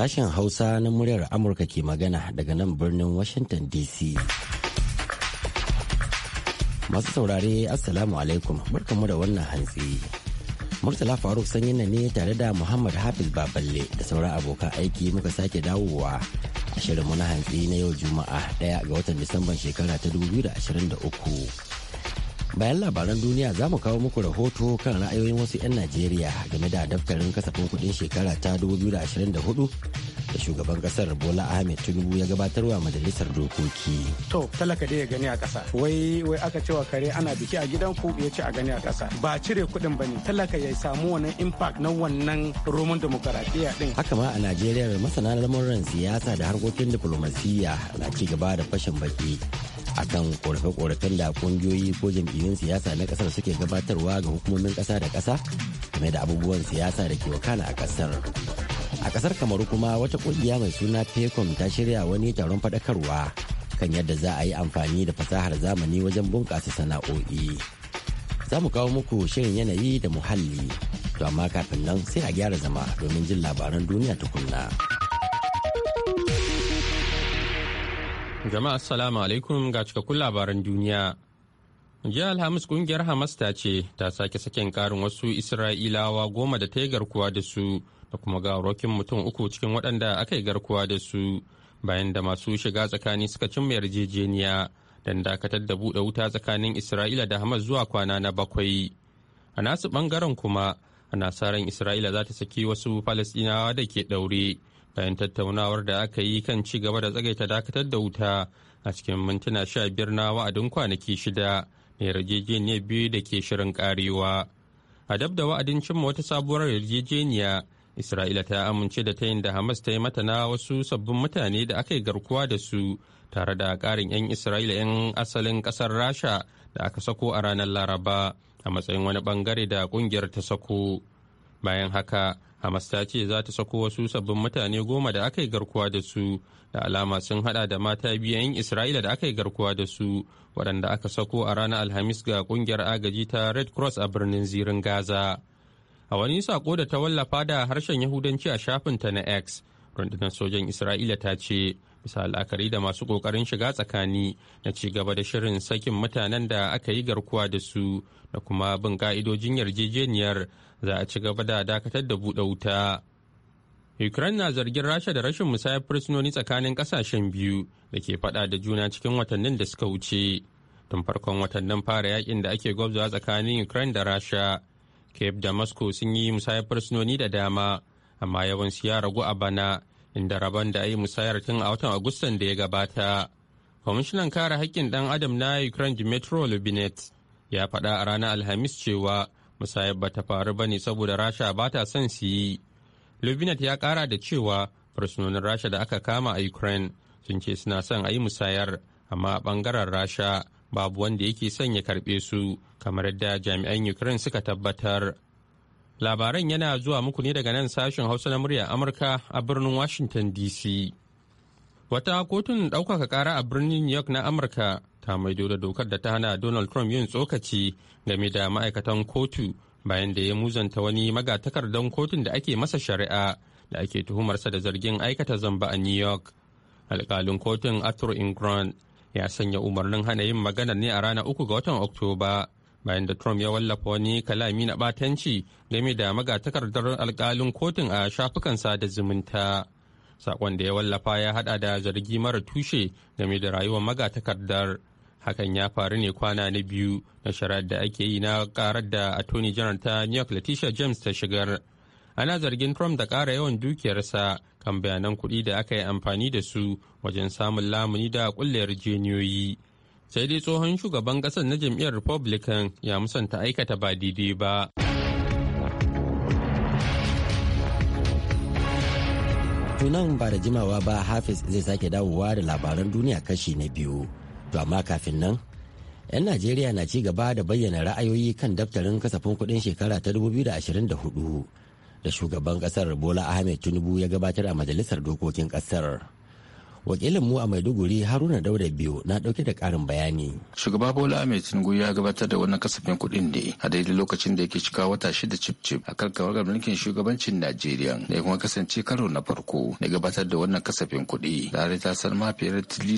Sashen Hausa na muryar Amurka ke magana daga nan birnin Washington DC. Masu saurare Assalamu alaikum barkamu da wannan hantsi. Murtala Faruk sanyin na ne tare da Muhammad Hafiz Baballe da sauran abokan aiki muka sake dawowa a shirinmu na hantsi na yau Juma'a 1 ga watan Disamban shekara ta 2023. bayan labaran duniya za mu kawo muku rahoto kan ra'ayoyin wasu 'yan najeriya game da daftarin kasafin kudin shekara ta 2024 da shugaban kasar bola ahmed tinubu ya gabatarwa majalisar dokoki to talaka dai ya gani a kasa wai wai aka cewa kare ana biki a gidan ku ya ce a gani a kasa ba cire kuɗin bane talaka ya samu wannan impact na wannan roman demokaradiyya din haka ma a najeriya masana lamuran siyasa da harkokin diplomasiya na ci gaba da fashin baki akan korafe-korafen da kungiyoyi ko jam'iyyun siyasa na kasar suke gabatarwa ga hukumomin kasa da kasa game da abubuwan siyasa da ke wakana a kasar a kasar kamaru kuma wata kungiya mai suna pecom ta shirya wani taron fadakarwa kan yadda za a yi amfani da fasahar zamani wajen bunƙasa sana'o'i za mu kawo muku shirin yanayi da muhalli to amma kafin nan sai a gyara zama domin jin labaran duniya tukunna. Jama'a assalamu alaikum ga cikakkun labaran duniya. Jiya Alhamis kungiyar Hamas ta ce ta sake sakin karin wasu Isra'ilawa goma da ta yi garkuwa da su da kuma gawarokin mutum uku cikin waɗanda aka yi garkuwa da su bayan da masu shiga tsakani suka cimma yarjejeniya don dakatar da buɗe wuta tsakanin Isra'ila da Hamas zuwa kwana na bakwai. A nasu ɓangaren kuma, ana sa Isra'ila za ta saki wasu Falasɗinawa da ke ɗaure bayan tattaunawar da aka yi kan ci gaba da tsagaita dakatar da wuta a cikin mintuna sha biyar na wa'adin kwanaki shida na yarjejeniyar biyu da ke shirin karewa a dab da wa'adin cimma wata sabuwar yarjejeniya isra'ila ta amince da ta yin da hamas ta yi mata na wasu sabbin mutane da aka yi garkuwa da su tare da karin 'yan isra'ila 'yan asalin kasar rasha da aka sako a ranar laraba a matsayin wani bangare da kungiyar ta sako bayan haka Hamas ta ce za ta sako wasu sabbin mutane goma da aka yi garkuwa da su da alama sun hada da mata biyan Isra'ila da aka yi garkuwa da su waɗanda aka sako a ranar Alhamis ga ƙungiyar agaji ta Red Cross a birnin zirin Gaza. A wani sako da ta wallafa da harshen Yahudanci a shafinta na X, rundunar sojan Isra'ila ta ce bisa la'akari da masu kokarin shiga tsakani na cigaba da shirin sakin mutanen da aka yi garkuwa da su da kuma bin ka'idojin yarjejeniyar za a ci gaba da dakatar da buɗe wuta. Ukraine na zargin Rasha da rashin musayar fursunoni tsakanin ƙasashen biyu da ke faɗa da juna cikin watannin da suka wuce. Tun farkon watannin fara yakin da ake gwabzawa tsakanin Ukraine da Rasha, Cape da Moscow sun yi musayar fursunoni da dama, amma yawansu ya ragu a bana inda rabon da yi musayar tun a watan agustan da ya gabata kwamishinan kare haƙƙin ɗan adam na ukraine dimitro lubinet ya faɗa a ranar alhamis cewa musayar ba ta faru ba ne saboda rasha ba ta son su yi lubinet ya ƙara da cewa fursunonin rasha da aka kama a ukraine sun ce suna son a yi musayar amma a ɓangaren rasha babu wanda yake son ya karɓe su kamar yadda jami'an ukraine suka tabbatar Labaran yana zuwa muku ne daga nan sashen Hausa na muryar Amurka a birnin Washington DC. Wata kotun ɗaukaka ƙara a birnin New York na Amurka ta maido da dokar da ta hana Donald Trump yin tsokaci game da ma'aikatan kotu bayan da ya muzanta wani magatakardan kotun da ake masa shari'a da ake tuhumarsa da zargin aikata zamba a New York. alkalin kotun Arthur Ingram ya sanya umarnin hana yin maganar ne a ranar uku ga watan Oktoba. bayan da Trump ya wallafa wani kalami na batanci game da magatakardar alkalin kotun a shafukan sada zumunta. Sakon da ya wallafa ya hada da zargi mara tushe game da rayuwar magatakardar. Hakan ya faru ne kwana na biyu na shari'ar da ake yi na karar da Attorney General ta New York Letitia James ta shigar. Ana zargin Trump da kara yawan dukiyarsa kan bayanan kuɗi da aka yi amfani da su wajen samun lamuni da ƙulla jeniyoyi sai dai tsohon shugaban kasar na jam'iyyar republican ya musanta aikata ba daidai ba tunan ba da jimawa ba hafiz zai sake dawowa da labaran duniya kashi na biyu to amma kafin nan 'yan najeriya na ci gaba da bayyana ra'ayoyi kan daftarin kasafin kudin shekara ta 2024 da shugaban kasar bola ahmed tinubu ya gabatar a majalisar dokokin kasar wakilin mu a maiduguri haruna dauda biyu na dauke da karin bayani shugaba bola ahmed tinubu ya gabatar da wannan kasafin kuɗin ne a daidai lokacin da yake cika wata shida cip cip a kan kawagar mulkin shugabancin najeriya da kuma kasance karo na farko da gabatar da wannan kasafin kuɗi tare ta san ma fiye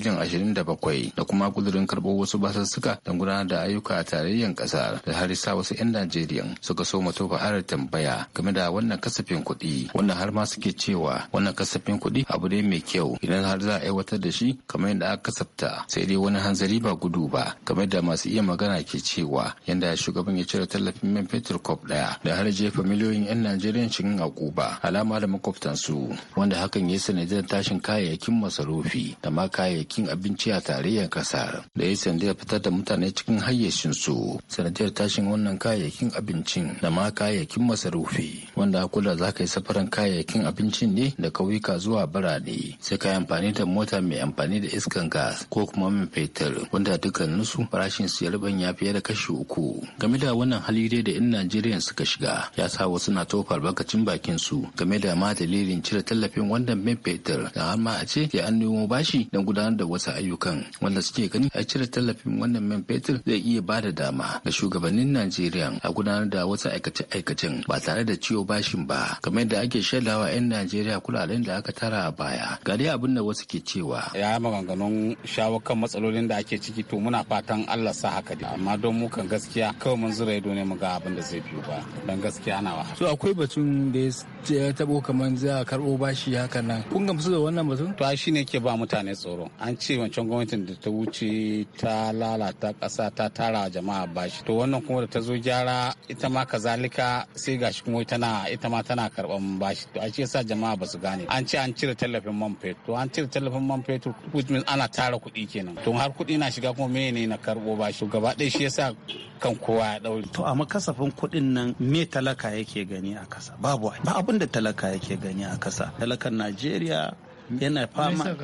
da ashirin da bakwai da kuma kudurin karɓo wasu basussuka don gudanar da ayyuka a tarayyar ƙasar da har sa wasu 'yan najeriya suka so mato fa'arar tambaya game da wannan kasafin kuɗi wannan har ma suke cewa wannan kasafin kuɗi abu ne mai kyau idan har za a aiwatar da shi kamar yadda aka kasafta sai dai wani hanzari ba gudu ba kamar da masu iya magana ke cewa yadda shugaban ya cire tallafin man fetur kwaf daya da har jefa miliyoyin 'yan najeriya cikin akuba alama da makwabtansu wanda hakan ya sanadiyar tashin kayayyakin masarufi da ma kayayyakin abinci a tarayyar kasar da ya sanadiyar fitar da mutane cikin hayyacinsu sanadiyar tashin wannan kayayyakin abincin da ma kayayyakin masarufi wanda kula za ka yi safaran kayayyakin abincin ne da kauyuka zuwa birane sai ka yi amfani da likitan mota mai amfani da iskan gas ko kuma mai fetur wanda dukkaninsu farashin su ya fiye da kashi uku game da wannan hali dai da in najeriya suka shiga ya sa wasu na tofa albarkacin bakin su game da ma dalilin cire tallafin wannan mai fetur da har ma a ce ke an nemo bashi don gudanar da wasu ayyukan wanda suke gani a cire tallafin wannan man fetur zai iya ba da dama ga shugabannin najeriya a gudanar da wasu aikace-aikacen ba tare da ciwo bashin ba kamar da ake shaidawa 'yan najeriya kulalen da aka tara a baya ga dai abin da wasu ke cewa ya maganganun shawo kan matsalolin da ake ciki to muna fatan Allah sa haka dai amma don mu kan gaskiya kawai mun zura ido ne mu ga abin da zai biyo ba dan gaskiya na wa to akwai batun da ya tabo kaman za a karbo bashi haka nan kun gamsu da wannan batun to shi ne ke ba mutane tsoro an ce wancan gwamnatin da ta wuce ta lalata kasa ta tara jama'a bashi to wannan kuma da ta zo gyara ita ma kazalika sai gashi kuma tana ita ma tana karban bashi to a ce yasa jama'a ba su gane an ce an cire tallafin man fetur to an cire tallafin man fetur which ana tara kuɗi kenan to har kuɗi na shiga kuma ne na karbo ba shi gaba ɗaya shi yasa kan kowa ya ɗaure. to amma kasafin kuɗin nan me talaka yake gani a kasa babu ba abin da talaka yake gani a kasa talakan najeriya yana fama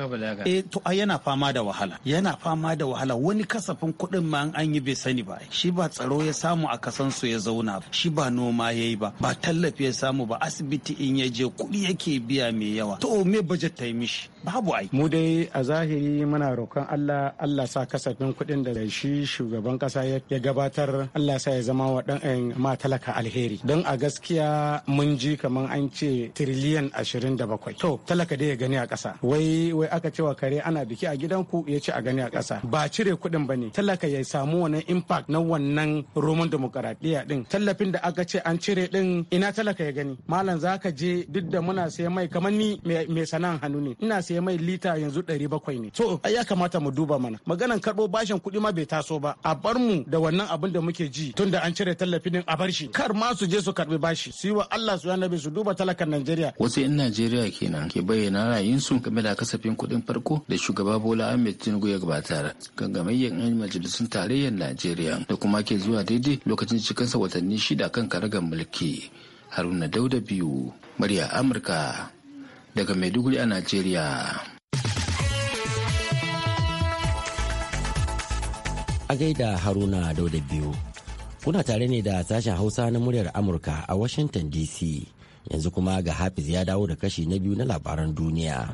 eh to yana fama da wahala yana fama da wahala wani kasafin kuɗin ma an yi bai sani ba shi ba tsaro ya samu a kasan su ya zauna shi ba noma ya yi ba ba tallafi ya samu ba asibiti in ya je kuɗi yake biya mai yawa to me budget ta yi mishi babu ai mu dai a zahiri muna roƙon Allah Allah sa kasafin kuɗin da shi shugaban kasa ya gabatar Allah sa ya zama wa dan eh, ma talaka alheri don a gaskiya mun ji kamar an ce tiriliyan 27 to talaka dai ya gani a kasa wai wai aka cewa kare ana biki a gidan ku? ya ci a gani a kasa ba cire kuɗin ba ne talaka ya samu wannan impact na wannan roman demokaradiyya din tallafin da aka ce an cire din ina talaka ya gani malam za ka je duk da muna sayan mai kamar ni mai sana'an hannu ne ina sayan mai lita yanzu ɗari bakwai ne ai ya kamata mu duba mana maganan karɓo bashin kuɗi ma bai taso ba a bar mu da wannan abin da muke ji tun da an cire tallafin din a bar shi kar ma su je su karɓi bashi su yi wa Allah su annabi su duba talakan Najeriya wasu 'yan Najeriya kenan ke bayyana ra'ayinsu sun game da kasafin kuɗin farko da shugaba Bola Ahmed Tinubu ya gabatar gangamayyar 'yan majalisun tarayyar Najeriya da kuma ke zuwa daidai lokacin cikinsa watanni shida kan karagar mulki. Haruna Dauda biyu, murya Amurka daga Maiduguri a Najeriya. A gaida Haruna Dauda biyu, kuna tare ne da sashen Hausa na muryar Amurka a Washington DC. yanzu kuma ga hafiz ya dawo da kashi na biyu na labaran duniya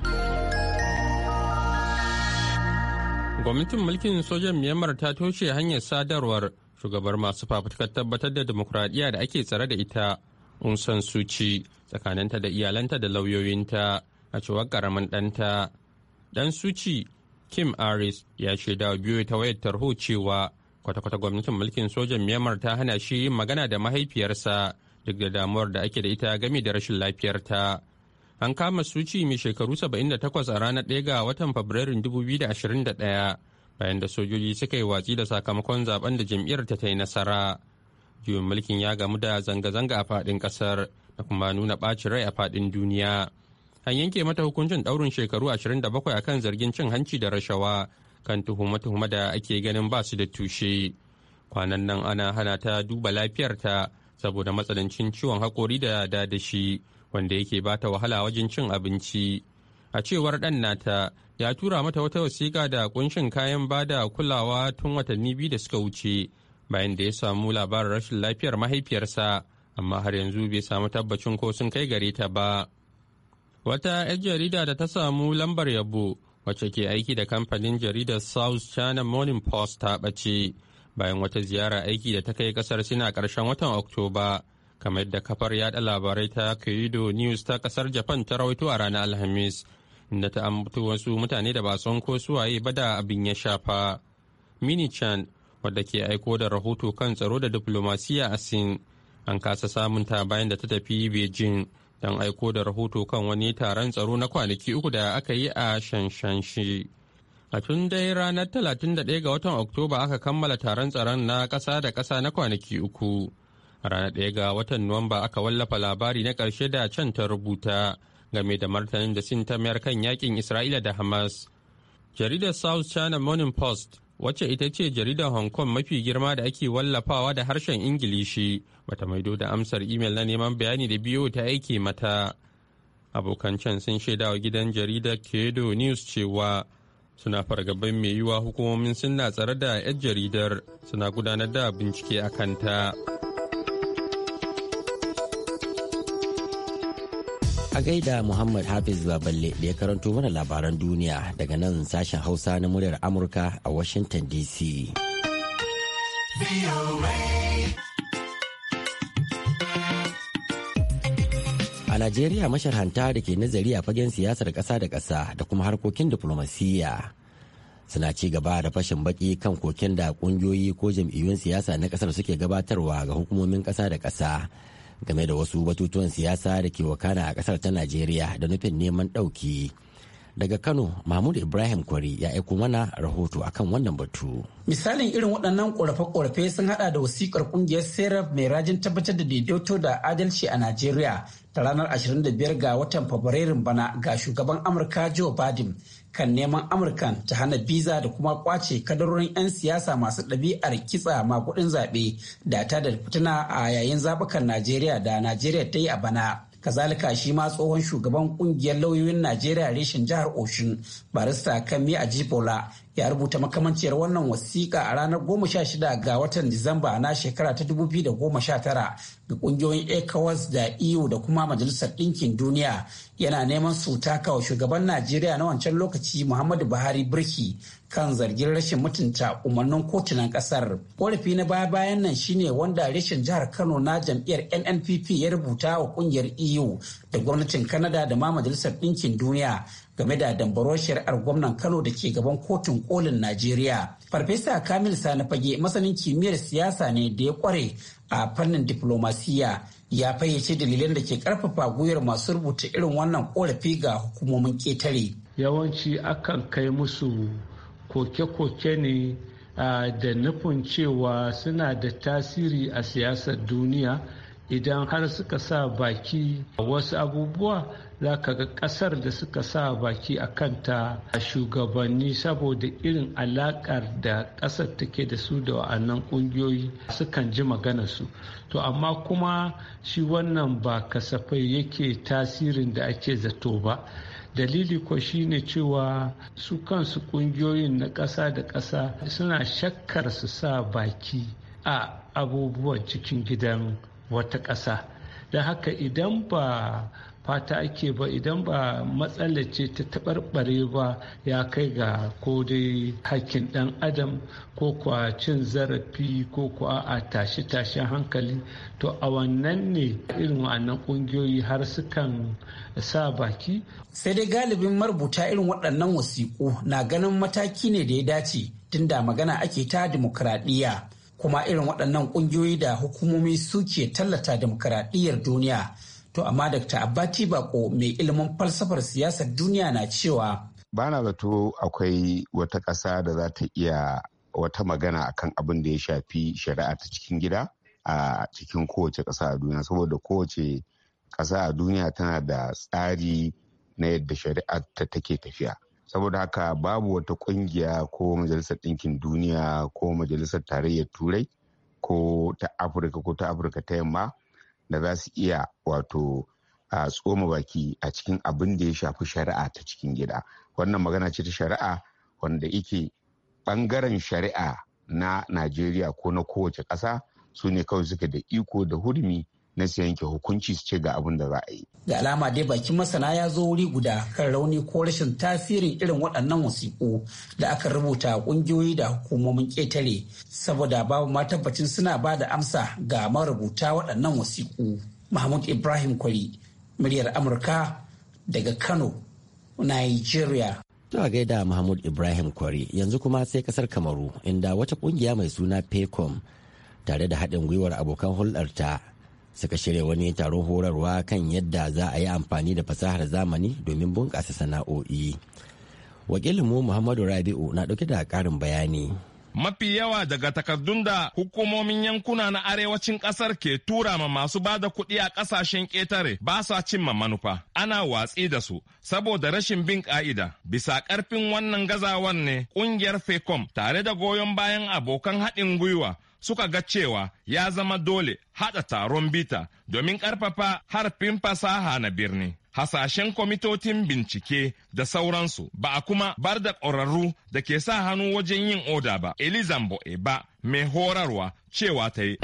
gwamnatin mulkin sojan myanmar ta toshe hanyar sadarwar shugabar masu fafutukar tabbatar da demokuraɗiyya da ake tsare da ita unsan suci tsakaninta da iyalanta da lauyoyinta a cewar karamin ɗanta ɗan suci kim aris ya shaida wa biyu ta wayar tarho cewa kwata-kwata gwamnatin mulkin sojan myanmar ta hana shi yin magana da mahaifiyarsa duk da damuwar da ake da ita game da rashin lafiyar ta. An kama Suci mai shekaru 78 a ranar 1 ga watan Fabrairun 2021 bayan da sojoji suka yi watsi da sakamakon zaben da jam'iyyar ta ta yi nasara. Juyin mulkin ya gamu da zanga-zanga a faɗin ƙasar da kuma nuna ɓacin rai a faɗin duniya. An yanke mata hukuncin ɗaurin shekaru 27 akan zargin cin hanci da rashawa kan tuhuma-tuhuma da ake ganin ba su da tushe. Kwanan nan ana hana ta duba lafiyarta saboda matsanancin ciwon haƙori da da shi, wanda yake ba ta wahala wajen cin abinci a cewar ɗan nata ya tura mata wata wasiƙa da ƙunshin kayan ba da kulawa tun watanni biyu da suka wuce bayan da ya samu labarin rashin lafiyar mahaifiyarsa amma har yanzu bai samu tabbacin ko sun kai gare ta ba wata 'yar jarida da ta samu lambar yabo wacce ke aiki da kamfanin jaridar south china morning post ta ɓace bayan wata ziyara aiki da ta kai kasar sina karshen watan oktoba kamar yadda kafar yada labarai ta kyodo news ta kasar japan ta rawaito a ranar alhamis inda ta ambato wasu mutane da ba son ko suwaye ba da abin ya shafa mini chan wadda ke aiko da rahoto kan tsaro da diplomasiya a sin an kasa samun ta bayan da ta tafi beijing don aiko da rahoto kan wani taron tsaro na kwanaki uku da aka yi a shanshanshi. a tun dai ranar 31 ga watan oktoba aka kammala taron tsaron na ƙasa da ƙasa na kwanaki uku ranar ɗaya ga watan nuwamba aka wallafa labari na karshe da can ta rubuta game da martanin da sin ta mayar kan yakin isra'ila da hamas jaridar south china morning post wacce ita ce jaridar hong kong mafi girma da ake wallafawa da harshen ingilishi bata maido da amsar imel na neman bayani da biyo ta aiki mata abokan can sun shaidawa gidan jaridar kedo news cewa suna fargabai mai yiwuwa hukumomin suna tsare da 'yan jaridar suna gudanar da bincike a kanta. A gaida Muhammad Hafiz Baballe da ya karanto mana labaran duniya daga nan sashen Hausa na muryar Amurka a Washington DC. A Najeriya masharhanta da ke nazari a fagen siyasar ƙasa da ƙasa da kuma harkokin diflomasiyya suna ci gaba da fashin baki kan koken da ƙungiyoyi ko jam'iyyun siyasa na ƙasar suke gabatarwa ga hukumomin ƙasa da ƙasa game da wasu batutuwan siyasa da ke wakana a ƙasar ta Najeriya da nufin neman ɗauki. daga kano mahmud ibrahim kwari ya aiko mana rahoto akan wannan batu misalin irin waɗannan ƙorafe-ƙorafe sun haɗa da wasiƙar ƙungiyar Serap mai rajin tabbatar da daidaito da adalci a najeriya ta ranar 25 ga watan Fabrairun bana ga shugaban Amurka Joe Biden kan neman Amurkan ta hana biza da kuma kwace kadarorin 'yan siyasa masu ɗabi'ar kitsa ma kudin zaɓe da ta da fitina a yayin zaɓukan Najeriya da Najeriya ta yi a bana. kazalika shi ma tsohon shugaban kungiyar lauyoyin najeriya reshen jihar oshun barista kami ajibola ya rubuta makamanciyar wannan wasiƙa a ranar 16 ga watan disamba na shekara ta 2019 ga kungiyoyin ecowas da eu da kuma majalisar ɗinkin duniya yana neman su takawa shugaban najeriya na wancan lokaci muhammadu buhari birki kan zargin rashin mutunta umarnin kotunan kasar. ƙorafi na baya bayan nan shine wanda rashin jihar Kano na jam'iyyar NNPP ya rubuta wa ƙungiyar EU da gwamnatin Kanada da ma Majalisar Ɗinkin Duniya game da dambarwar shari'ar gwamnan Kano da ke gaban kotun kolin Najeriya. Farfesa Kamil Sani Fage masanin kimiyyar siyasa ne da ya kware a fannin diplomasiya ya fayyace dalilan da ke karfafa gwiwar masu rubuta irin wannan korafi ga hukumomin ƙetare. Yawanci akan kai musu koke-koke ne da nufin cewa suna da tasiri a siyasar duniya idan har suka sa baki a wasu abubuwa za ka ga kasar da suka sa baki a kanta a shugabanni saboda irin alakar da kasar take da su da wa'annan kungiyoyi sukan ji su. to amma kuma shi wannan ba kasafai yake tasirin da ake zato ba dalili ko shine cewa su kansu kungiyoyin na ƙasa da ƙasa suna shakkar su sa baki a abubuwan cikin gidan wata ƙasa da haka idan ba fata ake ba idan ba matsalar ce ta taɓarɓare ba ya kai ga ko dai hakkin ɗan adam ko kuwa cin zarafi ko kuwa a tashi-tashin hankali to a wannan ne irin wannan ƙungiyoyi har sukan sa baki sai dai galibin marubuta irin waɗannan wasiƙu na ganin mataki ne da ya dace tunda magana ake ta dimokuraɗiyya kuma irin waɗannan ƙungiyoyi da hukumomi suke tallata dimokuraɗiyyar duniya To amma Dr. Abbati Bako mai ilimin falsafar siyasar duniya na cewa. Ba na zato akwai wata ƙasa da za ta iya wata magana akan abin da ya shafi shari'a ta cikin gida a cikin kowace ƙasa a duniya saboda kowace ƙasa a duniya tana da tsari na yadda shari'a ta take tafiya. Saboda haka babu wata ƙungiya ko majalisar ɗinkin duniya ko majalisar tarayyar turai ko ta Afirka ko ta Afirka ta yamma da za su iya wato a tsoma baki a cikin abin da ya shafi shari'a ta cikin gida wannan magana ce ta shari'a wanda ike bangaren shari'a na najeriya ko na kowace ƙasa su ne kawai suke da iko da hurmi na su yanke hukunci su ce ga abin da za a yi. ga alama dai bakin masana ya zo wuri guda kan rauni ko rashin tasirin irin waɗannan wasiƙu da aka rubuta ƙungiyoyi da hukumomin ƙetare saboda babu ma tabbacin suna ba da amsa ga marubuta waɗannan wasiƙu. Mahmud Ibrahim Kwari, muryar Amurka daga Kano, Nigeria. Zuwa gaida Mahmud Ibrahim Kwari yanzu kuma sai kasar Kamaru inda wata ƙungiya mai suna PECOM tare da haɗin gwiwar abokan hulɗarta suka shirya wani taron horarwa kan yadda za a yi amfani da fasahar zamani domin bunƙasa sana'o'i. Wakilinmu Muhammadu Rabi'u na ɗauke da ƙarin bayani. mafi yawa daga takardun da hukumomin yankuna na arewacin ƙasar ke tura ma masu ba da kuɗi a ƙasashen ƙetare ba sa cimma manufa ana watsi da su saboda rashin bin ƙa'ida bisa ƙarfin wannan gazawan ne ƙungiyar fecom tare da goyon bayan abokan haɗin gwiwa suka ga cewa ya zama dole haɗa taron bita domin ƙarfafa harfin fasaha na birni. hasashen kwamitotin bincike da sauransu ba a kuma bar da ƙwararru da ke sa hannu wajen yin oda ba elizambo ba mai horarwa cewa ta yi.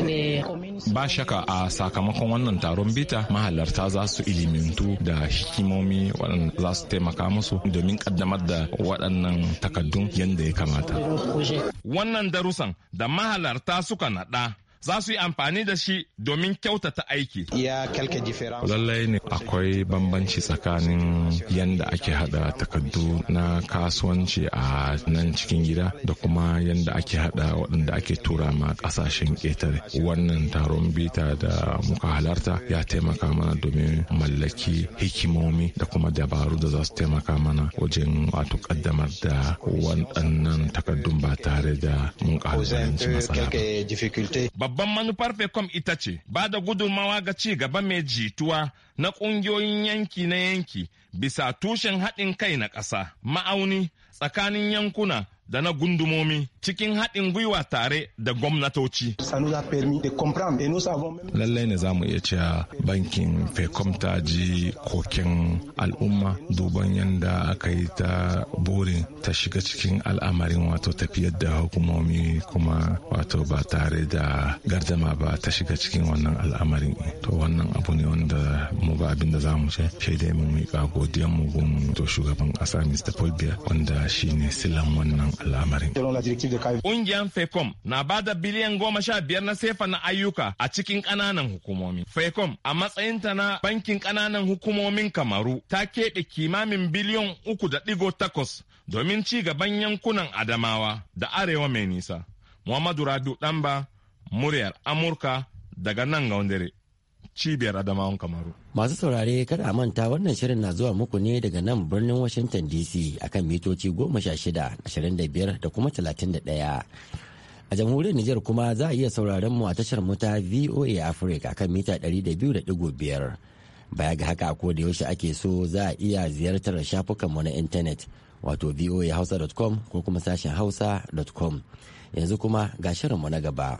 Ba shaka a sakamakon wannan taron bita mahalarta za su ilimintu da hikimomi waɗanda za su taimaka musu domin ƙaddamar da waɗannan takaddun yadda ya kamata. Wannan darussan da mahalarta suka naɗa za su yi amfani da shi domin kyautata aiki. Lallai ne akwai bambanci tsakanin yadda ake hada takardu na kasuwanci a nan cikin gida da kuma yadda ake hada waɗanda ake tura ma ƙasashen ƙetare. Wannan taron bita da muka halarta ya taimaka mana domin mallaki hikimomi da kuma dabaru da za su taimaka mana wajen wato ƙaddamar da waɗannan takardun ba tare da mun ƙalubalanci Babban manufar FECOM ita ce ba da gudunmawa ga ci gaba mai jituwa na ƙungiyoyin yanki na yanki bisa tushen haɗin kai na ƙasa, ma'auni tsakanin yankuna da na gundumomi cikin haɗin gwiwa tare da gwamnatoci. Lallai ne za mu iya cewa bankin fekomta ta ji koken al'umma duban yadda aka yi ta burin ta shiga cikin al'amarin wato tafiyar da hukumomi kuma wato ba tare da gardama ba ta shiga cikin wannan al'amarin. To wannan abu ne wanda mu ba abin da za mu ce sai yi mu miƙa godiyan mu gun to shugaban ƙasa Mr. Paul wanda shine silan wannan al'amarin. Ƙungiyar FECOM na ba da biliyan goma sha biyar na sefa na ayyuka a cikin ƙananan hukumomi. FECOM a matsayinta na bankin ƙananan hukumomin Kamaru ta keɓe kimamin biliyan uku da ɗigo takwas domin ci gaban yankunan Adamawa da Arewa mai nisa. Muhammadu Radu Ɗanba, muryar Amurka daga nan ga wandere. cibiyar adamawan kamaru masu saurare kada a manta wannan shirin na zuwa muku ne daga nan birnin washington dc akan mitoci goma sha shida ashirin da biyar da kuma talatin da ɗaya a jamhuriyar Nijar kuma za a iya sauraron mu a tashar mu ta voa africa akan mita ɗari da biyu da ɗigo biyar baya ga haka ko da yaushe ake so za a iya ziyartar shafukanmu na intanet wato voahausa.com ko kuma sashen hausa.com yanzu kuma ga shirinmu na gaba.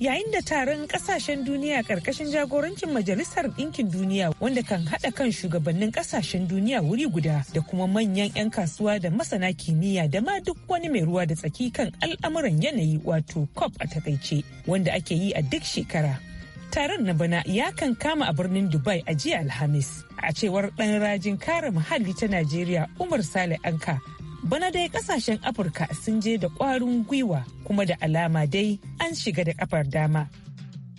yayin da taron kasashen duniya karkashin jagorancin majalisar ɗinkin duniya wanda kan haɗa kan shugabannin kasashen duniya wuri guda da kuma manyan 'yan kasuwa da masana kimiyya da ma duk wani mai ruwa da tsaki kan al'amuran yanayi wato cop a takaice wanda ake yi a duk shekara taron na bana ya kan kama a birnin dubai a jiya alhamis a cewar ɗan rajin kare muhalli ta najeriya umar sale anka bana dai kasashen afirka sun je da kwarin gwiwa kuma da alama dai an shiga da kafar dama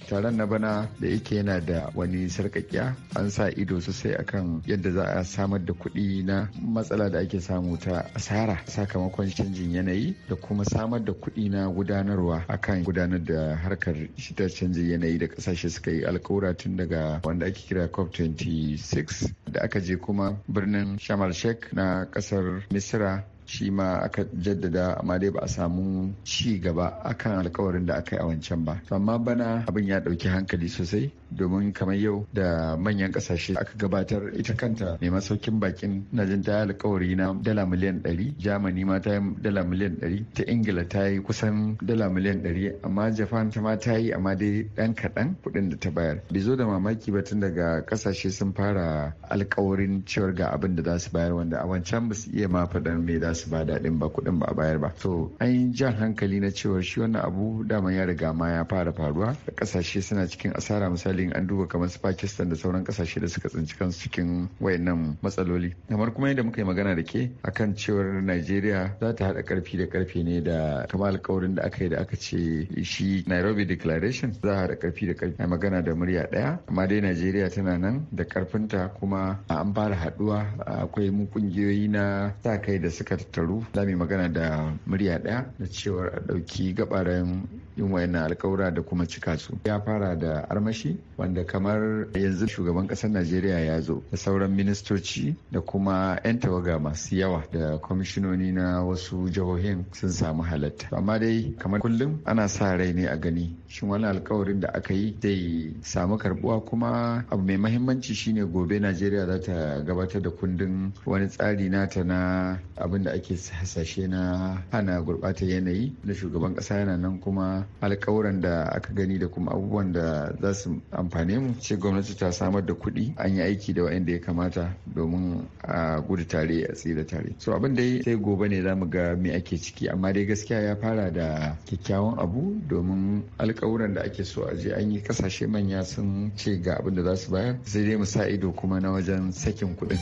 taron na bana da yake yana da wani sarƙaƙiya an sa ido sosai akan yadda za a samar da kuɗi na matsala da ake samu ta asara sakamakon canjin yanayi da kuma samar da kuɗi na gudanarwa akan gudanar da harkar shitar canjin yanayi da ƙasashe suka yi alkawura tun daga wanda ake kira cop 26 da aka je kuma birnin shamal sheikh na ƙasar misira shi ma aka jaddada amma dai ba a samu ci gaba akan alkawarin da aka yi a wancan ba amma bana abin ya ɗauki hankali sosai domin kamar yau da manyan kasashe aka gabatar ita kanta mai masaukin bakin na jin ta alkawari na dala miliyan 100 germany ma ta yi dala miliyan 100 ta ingila ta yi kusan dala miliyan 100 amma japan ta ma ta yi amma dai dan kaɗan kuɗin da ta bayar bai zo da mamaki ba tun daga kasashe sun fara alkawarin cewar ga abin da za su bayar wanda a wancan ba su iya ma faɗan me za su ba daɗin ba kuɗin ba a bayar ba so an yi jan hankali na cewar shi wannan abu dama ya riga ma ya fara faruwa kasashe suna cikin asara misali misalin an duba kamar su pakistan da sauran kasashe da suka tsinci kansu cikin wayannan matsaloli kamar kuma yadda muka yi magana da ke akan cewar najeriya za ta haɗa karfi da karfe ne da kamar alkawarin da aka yi da aka ce shi nairobi declaration za a haɗa karfi da karfe magana da murya ɗaya amma dai najeriya tana nan da karfinta kuma an fara haɗuwa akwai mu kungiyoyi na sa kai da suka tattaru za mu magana da murya ɗaya da cewar a ɗauki gabaran yin wayannan alkawura da kuma cika su ya fara da armashi wanda kamar yanzu shugaban kasar najeriya ya zo da sauran ministoci da kuma 'yan tawaga masu yawa da kwamishinoni na wasu jihohin sun samu halatta amma dai kamar kullum ana sa rai ne a gani shin wani alkawarin da aka yi zai samu karbuwa kuma abu mai mahimmanci shine gobe najeriya za ta gabatar da kundin wani tsari nata na abin da ake hasashe na hana gurbatar yanayi na shugaban kasa yana nan kuma alkawuran da aka gani da kuma abubuwan da za su amfane mu ce gwamnati ta samar da kuɗi an yi aiki da wa'anda ya kamata domin a gudu tare a tsira tare so abin dai sai gobe ne za mu ga me ake ciki amma dai gaskiya ya fara da kyakkyawan abu domin alkawuran da ake so a je an yi kasashe manya sun ce ga abin da za su bayar sai dai mu sa ido kuma na wajen sakin kuɗin.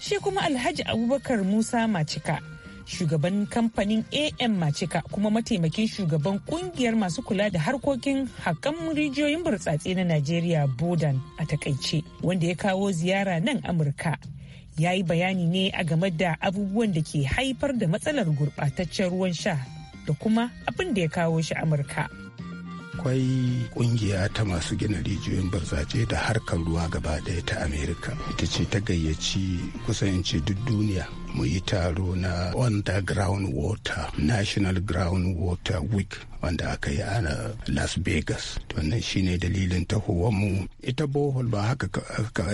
Shi kuma Alhaji Abubakar Musa Macika shugaban kamfanin am macika kuma mataimakin shugaban kungiyar masu kula da harkokin hakan rijiyoyin burtsatse na najeriya bodan a takaice wanda ya kawo ziyara nan amurka ya yi bayani ne a game da abubuwan da ke haifar da matsalar gurɓataccen ruwan sha da kuma abin da ya kawo shi amurka. akwai kungiya ta masu gina rijiyoyin barzaje da harkar ruwa gaba ɗaya ta amerika ita ce ta gayyaci kusan ce duk duniya mu yi taro na underground water national ground water week wanda aka yi a las vegas wannan shine dalilin mu ita borehole ba haka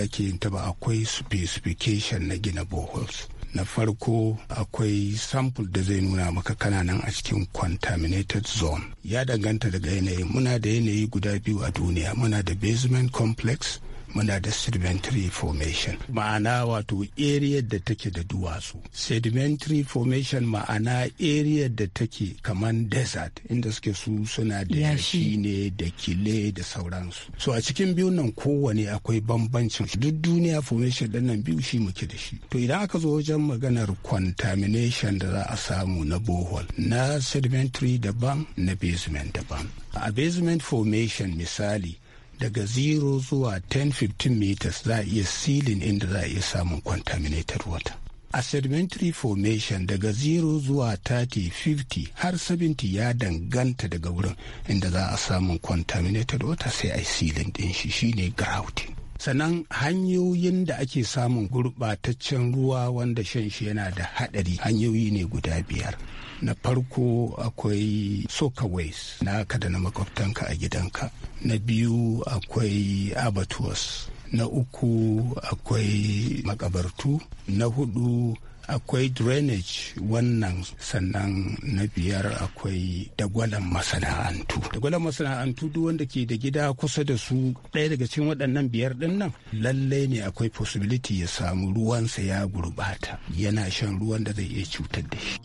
ake yin ta ba akwai specification na gina boreholes. na farko akwai sample da zai nuna maka kananan a cikin contaminated zone ya danganta daga yanayi muna da yanayi guda biyu a duniya muna da basement complex muna da sedimentary formation ma'ana wato area da take da duwatsu sedimentary formation ma'ana area da take kamar desert inda suke su suna da yashi ne da kile da sauransu so a cikin biyu nan kowane akwai bambancin duk duniya formation din nan biyu shi muke da shi to idan aka zo wajen maganar contamination da za a samu na bohol na sedimentary daban na basement daban a basement formation misali daga 0 zuwa 10-15 meters za a iya silin inda za a iya samun contaminated water a sedimentary formation daga 0 zuwa 30-50 har 70 ya danganta daga wurin inda za a samun contaminated water sai a yi silin din shi shine grouting sannan hanyoyin da ake samun gurɓataccen ruwa wanda shan shi yana da haɗari hanyoyi ne guda biyar na farko akwai soka ways. na aka da na makwabtanka a gidanka na biyu akwai abatuwas na uku akwai makabartu na hudu akwai drainage wannan sannan na biyar akwai dagwalan masana'antu dagwalan masana'antu duk wanda ke da gida kusa da su ɗaya daga cikin waɗannan biyar ɗin lallai ne akwai possibility ya samu ruwansa ya gurbata yana shan ruwan da zai iya cutar da shi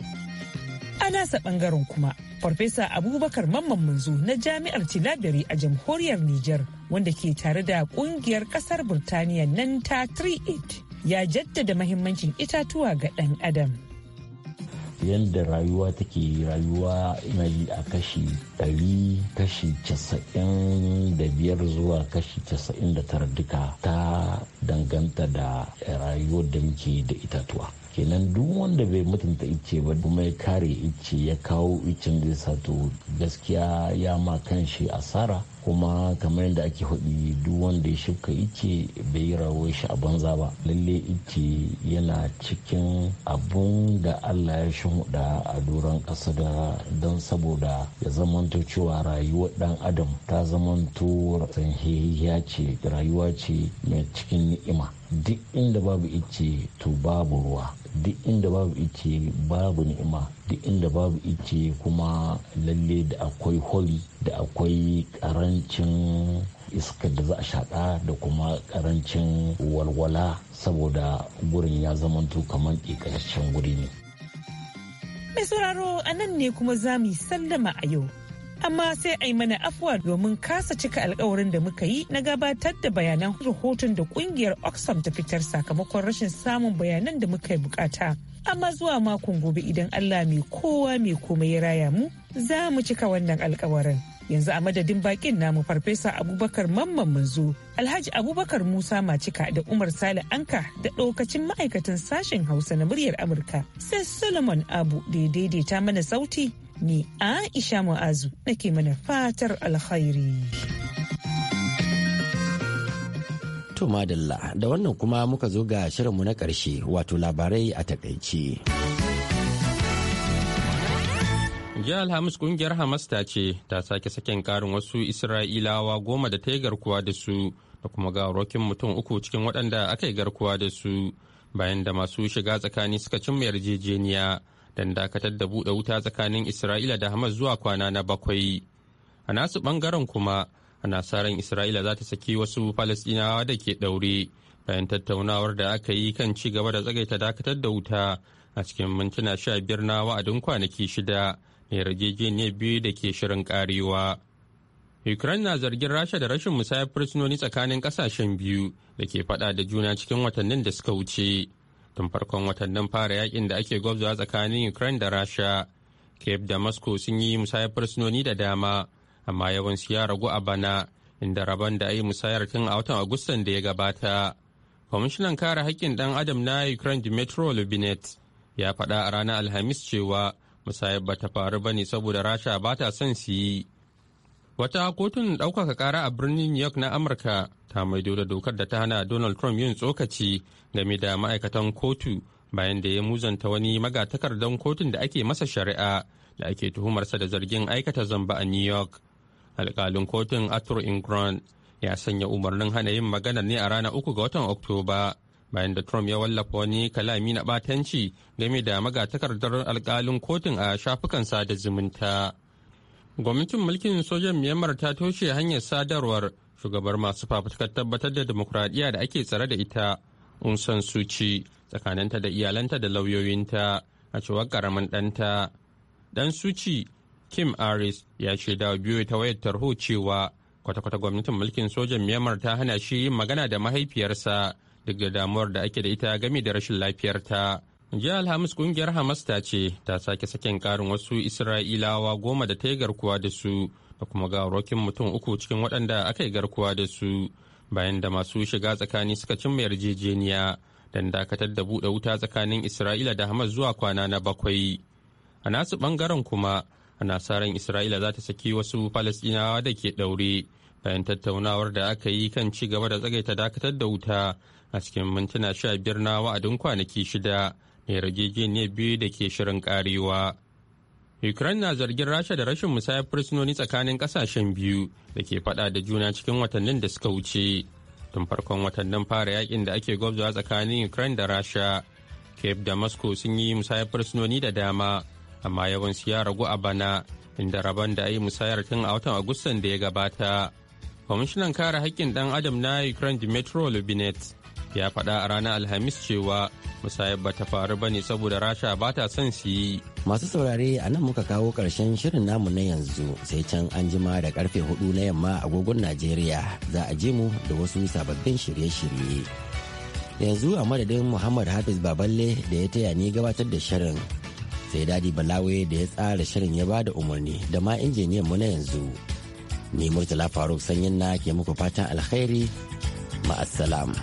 a nasa bangaren kuma farfesa abubakar mamman munzu na jami'ar tilabiri a jamhuriyar niger wanda ke tare da kungiyar kasar burtaniya nan ta 38 ya jaddada mahimmancin itatuwa ga dan adam yadda rayuwa take rayuwa yi a kashi 100 kashi 95 zuwa kashi 99 duka ta danganta da rayuwar da muke da itatuwa kenan duk wanda bai mutunta icce ba kuma ya kare icce ya kawo iccen da ya sato gaskiya ya ma kan shi asara kuma kamar yadda ake hudu duk wanda ya shifka ice bai yi rawar shi a banza ba lalle ice yana cikin abun da allah ya shimuda a doron ƙasa da don saboda ya zamanto cewa rayuwar dan adam ta zamanto sanhiya ce rayuwa ce mai cikin ni'ima duk inda babu icce to babu ruwa duk inda babu ice babu ni'ima duk inda babu ice kuma lalle da akwai holi da akwai karancin iska da za a shaɗa da kuma karancin walwala saboda gurin ya zamanto kamar ƙiƙarshen guri ne. Mai sauraro a nan ne kuma za mu yi sallama a yau. amma sai a yi mana afuwa domin kasa cika alkawarin da muka yi na gabatar da bayanan rahoton da kungiyar oxfam ta fitar sakamakon rashin samun bayanan da muka yi bukata amma zuwa makon gobe idan allah mai kowa mai komai ya raya mu za mu cika wannan alkawarin yanzu a madadin bakin namu farfesa abubakar mamman manzo alhaji abubakar musa macika da umar sale anka da ɗaukacin ma'aikatan sashen hausa na muryar amurka sai solomon abu da ya daidaita mana sauti ni Aisha Mu'azu nake mana fatar alkhairi. To madalla da wannan kuma muka zo ga shirinmu na ƙarshe wato labarai a takaice. jiya alhamis kungiyar hamas ta ce ta sake saken karin wasu isra'ilawa goma da ta yi garkuwa da su da kuma ga rokin mutum uku cikin waɗanda aka yi garkuwa da su bayan da masu shiga tsakani suka cimma yarjejeniya don dakatar da buɗe wuta tsakanin Isra'ila da Hamas zuwa kwana na bakwai. A nasu ɓangaren kuma, ana sa Isra'ila za ta saki wasu Falasɗinawa da ke ɗaure bayan tattaunawar da aka yi kan ci gaba da tsagaita dakatar da wuta a cikin mintuna sha biyar na wa'adin kwanaki shida na yarjejeniyar biyu da ke shirin karewa. Ukraine na zargin Rasha da rashin musayar fursunoni tsakanin ƙasashen biyu da ke faɗa da juna cikin watannin da suka wuce. tun farkon watannin fara yakin da ake gwabzawa tsakanin ukraine da rasha cape da moscow sun yi musayar fursunoni da dama amma yawansu ya ragu a bana inda rabon da yi musayar tun a watan agustan da ya gabata kwamishinan kare haƙƙin ɗan adam na ukraine metro lubinet ya faɗa a ranar alhamis cewa musayar ba ta faru ba ne saboda rasha ba ta son su yi Wata kotun ɗaukaka kara a birnin New York na Amurka ta maido da dokar da ta hana Donald Trump yin tsokaci game da ma'aikatan kotu bayan da ya muzanta wani magatakardan kotun da ake masa shari'a da ake tuhumarsa da zargin aikata zamba a New York. Alƙalin kotun Arthur Ingram ya sanya umarnin hana yin magana ne a ranar uku ga watan Oktoba bayan da Trump ya wallafa wani kalami na ɓatanci game da magatakardar alkalin kotun a shafukan sada zumunta. Gwamnatin mulkin sojan Myanmar ta toshe hanyar sadarwar shugabar masu fafutukar tabbatar da demokuraɗiyya da ake tsare da ita unsan suci tsakaninta da iyalanta da lauyoyinta a cewar karamin ɗanta. ɗan suci Kim Aris ya ce da biyu ta wayar tarho cewa kwata-kwata gwamnatin mulkin sojan Myanmar ta hana shi yin magana da mahaifiyarsa duk da damuwar da ake da ita game da rashin lafiyarta. jiya alhamis kungiyar hamas ta ce ta sake sakin karin wasu isra'ilawa goma da ta yi garkuwa da su da kuma gawarokin mutum uku cikin waɗanda aka yi garkuwa da su bayan da masu shiga tsakani suka cimma yarjejeniya don dakatar da buɗe wuta tsakanin isra'ila da hamas zuwa kwana na bakwai a nasu ɓangaren kuma anasaran nasarar isra'ila za ta saki wasu falasɗinawa da ke ɗaure bayan tattaunawar da aka yi kan ci gaba da tsagaita dakatar da wuta a cikin mintuna sha biyar na wa'adin kwanaki shida ne biyu da ke shirin karewa ukraine na zargin rasha da rashin musayar fursunoni tsakanin kasashen biyu da ke fada da juna cikin watannin da suka wuce tun farkon watannin fara yakin da ake gwabzawa tsakanin ukraine da rasha cape da moscow sun yi musayar fursunoni da dama amma yawansu ya ragu a bana inda rabon da ayi musayar tun a watan agustan da ya gabata kwamishinan kare haƙƙin ɗan adam na ukraine dmitry lubinet ya faɗa a ranar alhamis cewa musayar ba ta faru ba ne saboda rasha ba ta son su yi masu saurare a nan muka kawo ƙarshen shirin namu na yanzu sai can an jima da karfe hudu na yamma agogon najeriya za a je mu da wasu sababbin shirye-shirye yanzu a madadin muhammad hafiz baballe da ya taya ni gabatar da shirin sai dadi balawe da ya tsara shirin ya ba da umarni da ma injiniyan mu na yanzu ni murtala faruk sanyin na ke muku fatan alkhairi ma'assalam.